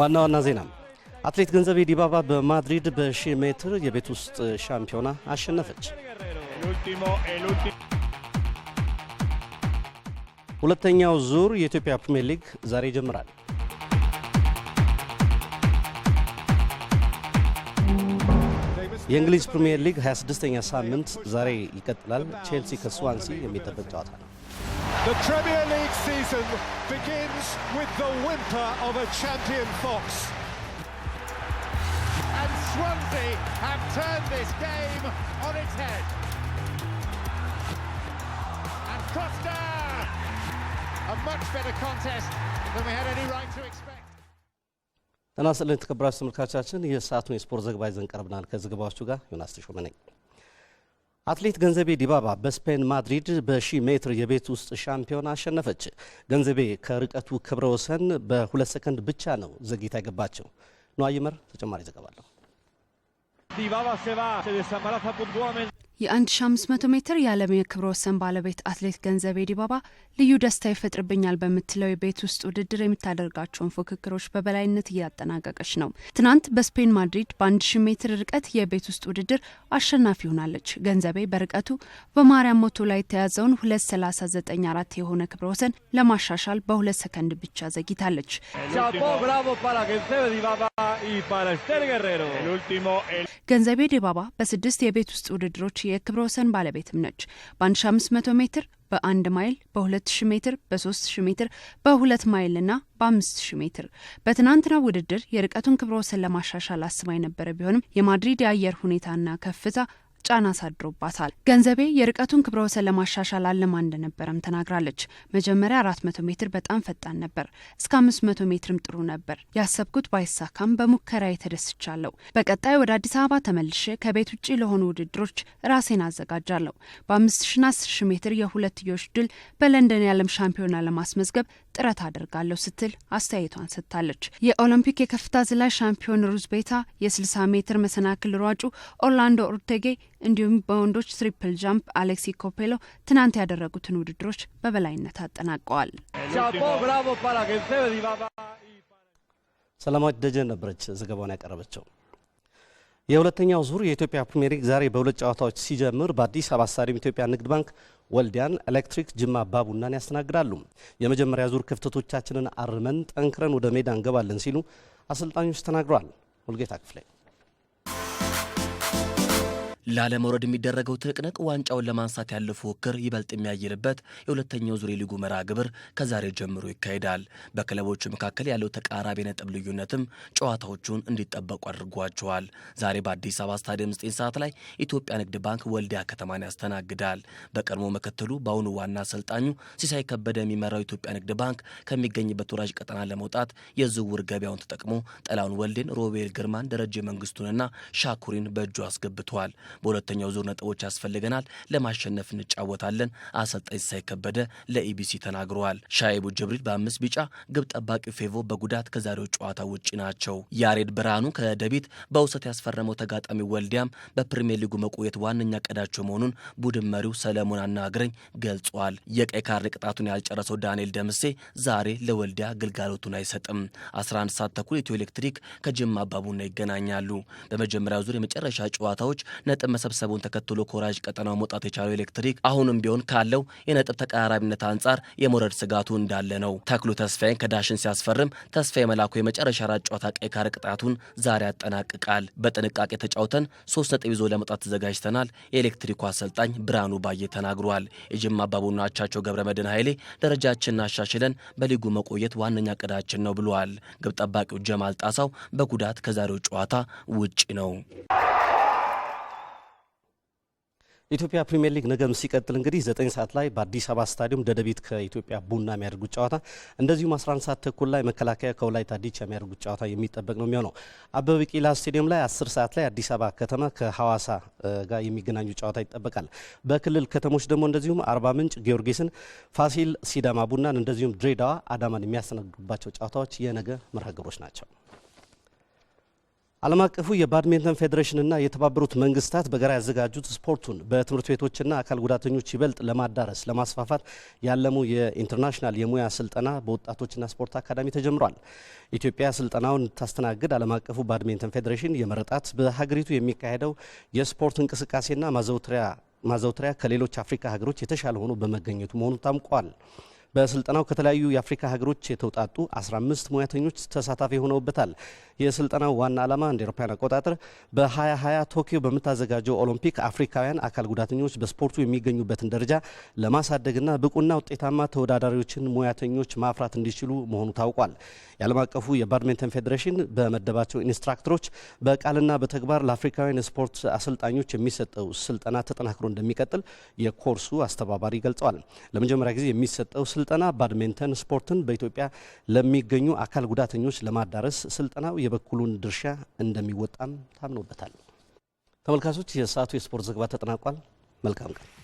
ዋና ዋና ዜና አትሌት ገንዘቤ ዲባባ በማድሪድ በ1000 ሜትር የቤት ውስጥ ሻምፒዮና አሸነፈች። ሁለተኛው ዙር የኢትዮጵያ ፕሪምየር ሊግ ዛሬ ይጀምራል። የእንግሊዝ ፕሪምየር ሊግ 26ኛ ሳምንት ዛሬ ይቀጥላል። ቼልሲ ከስዋንሲ የሚጠበቅ ጨዋታ ነው። The Premier League season begins with the whimper of a champion fox. And Swansea have turned this game on its head. And Costa! A much better contest than we had any right to expect. ጤና ይስጥልኝ የተከበራችሁ ተመልካቾቻችን፣ የሰዓቱን የስፖርት ዘገባ ይዘን ቀርበናል። ከዘገባዎቹ ጋር ዮናስ ተሾመ ነኝ። አትሌት ገንዘቤ ዲባባ በስፔን ማድሪድ በ1000 ሜትር የቤት ውስጥ ሻምፒዮን አሸነፈች። ገንዘቤ ከርቀቱ ክብረ ወሰን በሁለት ሰከንድ ብቻ ነው ዘግይታ የገባቸው። ነዋ ይመር ተጨማሪ ዘገባ አለው። የ1500 ሜትር የዓለም የክብረ ወሰን ባለቤት አትሌት ገንዘቤ ዲባባ ልዩ ደስታ ይፈጥርብኛል በምትለው የቤት ውስጥ ውድድር የምታደርጋቸውን ፉክክሮች በበላይነት እያጠናቀቀች ነው። ትናንት በስፔን ማድሪድ በ1000 ሜትር ርቀት የቤት ውስጥ ውድድር አሸናፊ ሆናለች። ገንዘቤ በርቀቱ በማርያም ሞቶ ላይ የተያዘውን 2394 የሆነ ክብረ ወሰን ለማሻሻል በሁለት ሰከንድ ብቻ ዘግይታለች። ገንዘቤ ዲባባ በስድስት የቤት ውስጥ ውድድሮች የክብረ ወሰን ባለቤትም ነች። በ1500 ሜትር በ1 ማይል በ2000 ሜትር በ3000 ሜትር በ2 ማይል ና በ5000 ሜትር በትናንትናው ውድድር የርቀቱን ክብረ ወሰን ለማሻሻል አስባ የነበረ ቢሆንም የማድሪድ የአየር ሁኔታና ከፍታ ጫና አሳድሮባታል። ገንዘቤ የርቀቱን ክብረ ወሰን ለማሻሻል አለማ እንደነበረም ተናግራለች። መጀመሪያ 400 መቶ ሜትር በጣም ፈጣን ነበር፣ እስከ 500 ሜትርም ጥሩ ነበር። ያሰብኩት ባይሳካም በሙከራ የተደስቻለሁ። በቀጣይ ወደ አዲስ አበባ ተመልሼ ከቤት ውጭ ለሆኑ ውድድሮች ራሴን አዘጋጃለሁ። በ ሺና ና ሺ ሜትር የሁለትዮሽ ድል በለንደን የዓለም ሻምፒዮና ለማስመዝገብ ጥረት አድርጋለሁ ስትል አስተያየቷን ሰጥታለች። የኦሎምፒክ የከፍታ ዝላይ ሻምፒዮን ሩዝ ቤታ፣ የ60 ሜትር መሰናክል ሯጩ ኦርላንዶ ኦርቴጌ እንዲሁም በወንዶች ትሪፕል ጃምፕ አሌክሲ ኮፔሎ ትናንት ያደረጉትን ውድድሮች በበላይነት አጠናቀዋል። ሰላማዊት ደጀን ነበረች ዘገባውን ያቀረበችው። የሁለተኛው ዙር የኢትዮጵያ ፕሪሚየር ሊግ ዛሬ በሁለት ጨዋታዎች ሲጀምር በአዲስ አበባ ስታዲየም ኢትዮጵያ ንግድ ባንክ ወልዲያን፣ ኤሌክትሪክ ጅማ አባቡናን ያስተናግዳሉ። የመጀመሪያ ዙር ክፍተቶቻችንን አርመን ጠንክረን ወደ ሜዳ እንገባለን ሲሉ አሰልጣኞች ተናግረዋል። ሙልጌታ ክፍሌ ላለመውረድ የሚደረገው ትንቅንቅ ዋንጫውን ለማንሳት ያለው ፉክክር ይበልጥ የሚያይልበት የሁለተኛው ዙር ሊጉ መርሃ ግብር ከዛሬ ጀምሮ ይካሄዳል። በክለቦቹ መካከል ያለው ተቃራቢ ነጥብ ልዩነትም ጨዋታዎቹን እንዲጠበቁ አድርጓቸዋል። ዛሬ በአዲስ አበባ ስታዲየም 9 ሰዓት ላይ ኢትዮጵያ ንግድ ባንክ ወልዲያ ከተማን ያስተናግዳል። በቀድሞ ምክትሉ በአሁኑ ዋና አሰልጣኙ ሲሳይ ከበደ የሚመራው ኢትዮጵያ ንግድ ባንክ ከሚገኝበት ወራጅ ቀጠና ለመውጣት የዝውውር ገበያውን ተጠቅሞ ጠላውን ወልዴን፣ ሮቤል ግርማን፣ ደረጀ መንግስቱንና ሻኩሪን በእጁ አስገብቷል። በሁለተኛው ዙር ነጥቦች ያስፈልገናል፣ ለማሸነፍ እንጫወታለን አሰልጣኝ ሲሳይ ከበደ ለኢቢሲ ተናግረዋል። ሻይቡ ጅብሪል በአምስት ቢጫ፣ ግብ ጠባቂ ፌቮ በጉዳት ከዛሬው ጨዋታ ውጭ ናቸው። ያሬድ ብርሃኑ ከደቢት በውሰት ያስፈረመው ተጋጣሚ ወልዲያም በፕሪምየር ሊጉ መቆየት ዋነኛ ቀዳቸው መሆኑን ቡድን መሪው ሰለሞን አናግረኝ ገልጿል። የቀይ ካርድ ቅጣቱን ያልጨረሰው ዳንኤል ደምሴ ዛሬ ለወልዲያ ግልጋሎቱን አይሰጥም። 11 ሰዓት ተኩል ኢትዮ ኤሌክትሪክ ከጅማ አባቡና ይገናኛሉ። በመጀመሪያው ዙር የመጨረሻ ጨዋታዎች ነጥብ መሰብሰቡን ተከትሎ ከወራጅ ቀጠናው መውጣት የቻለው ኤሌክትሪክ አሁንም ቢሆን ካለው የነጥብ ተቀራራቢነት አንጻር የመውረድ ስጋቱ እንዳለ ነው። ተክሉ ተስፋዬን ከዳሽን ሲያስፈርም ተስፋዬ መላኩ የመጨረሻ አራት ጨዋታ ቀይ ካርድ ቅጣቱን ዛሬ ያጠናቅቃል። በጥንቃቄ ተጫውተን ሶስት ነጥብ ይዞ ለመውጣት ተዘጋጅተናል፣ የኤሌክትሪኩ አሰልጣኝ ብርሃኑ ባየ ተናግሯል። የጅማ አባቡና አቻቸው ገብረ መድን ኃይሌ ደረጃችንን አሻሽለን በሊጉ መቆየት ዋነኛ ቅዳችን ነው ብለዋል። ግብ ጠባቂው ጀማል ጣሳው በጉዳት ከዛሬው ጨዋታ ውጪ ነው። ኢትዮጵያ ፕሪሚየር ሊግ ነገም ሲቀጥል እንግዲህ ዘጠኝ ሰዓት ላይ በአዲስ አበባ ስታዲየም ደደቢት ከኢትዮጵያ ቡና የሚያደርጉት ጨዋታ እንደዚሁም 11 ሰዓት ተኩል ላይ መከላከያ ከወላይታ ዲቻ የሚያደርጉት ጨዋታ የሚጠበቅ ነው የሚሆነው። አበበ ቢቂላ ስታዲየም ላይ 10 ሰዓት ላይ አዲስ አበባ ከተማ ከሐዋሳ ጋር የሚገናኙ ጨዋታ ይጠበቃል። በክልል ከተሞች ደግሞ እንደዚሁም አርባ ምንጭ ጊዮርጊስን፣ ፋሲል ሲዳማ ቡናን እንደዚሁም ድሬዳዋ አዳማን የሚያስተናግዱባቸው ጨዋታዎች የነገ መርሃ ናቸው። ዓለም አቀፉ የባድሜንተን ፌዴሬሽንና የተባበሩት መንግስታት በጋራ ያዘጋጁት ስፖርቱን በትምህርት ቤቶችና አካል ጉዳተኞች ይበልጥ ለማዳረስ ለማስፋፋት ያለሙ የኢንተርናሽናል የሙያ ስልጠና በወጣቶችና ስፖርት አካዳሚ ተጀምሯል። ኢትዮጵያ ስልጠናውን ታስተናግድ ዓለም አቀፉ ባድሚንተን ፌዴሬሽን የመረጣት በሀገሪቱ የሚካሄደው የስፖርት እንቅስቃሴና ማዘውተሪያ ከሌሎች አፍሪካ ሀገሮች የተሻለ ሆኖ በመገኘቱ መሆኑ ታምቋል። በስልጠናው ከተለያዩ የአፍሪካ ሀገሮች የተውጣጡ 15 ሙያተኞች ተሳታፊ ሆነውበታል። የስልጠናው ዋና ዓላማ እንደ አውሮፓውያን አቆጣጠር በ2020 ቶኪዮ በምታዘጋጀው ኦሎምፒክ አፍሪካውያን አካል ጉዳተኞች በስፖርቱ የሚገኙበትን ደረጃ ለማሳደግና ብቁና ውጤታማ ተወዳዳሪዎችን ሙያተኞች ማፍራት እንዲችሉ መሆኑ ታውቋል። የዓለም አቀፉ የባድሚንተን ፌዴሬሽን በመደባቸው ኢንስትራክተሮች በቃልና በተግባር ለአፍሪካውያን ስፖርት አሰልጣኞች የሚሰጠው ስልጠና ተጠናክሮ እንደሚቀጥል የኮርሱ አስተባባሪ ገልጸዋል። ለመጀመሪያ ጊዜ የሚሰጠው ስልጠና ባድሜንተን ስፖርትን በኢትዮጵያ ለሚገኙ አካል ጉዳተኞች ለማዳረስ ስልጠናው የበኩሉን ድርሻ እንደሚወጣም ታምኖበታል። ተመልካቾች፣ የሰዓቱ የስፖርት ዘገባ ተጠናቋል። መልካም ቀን።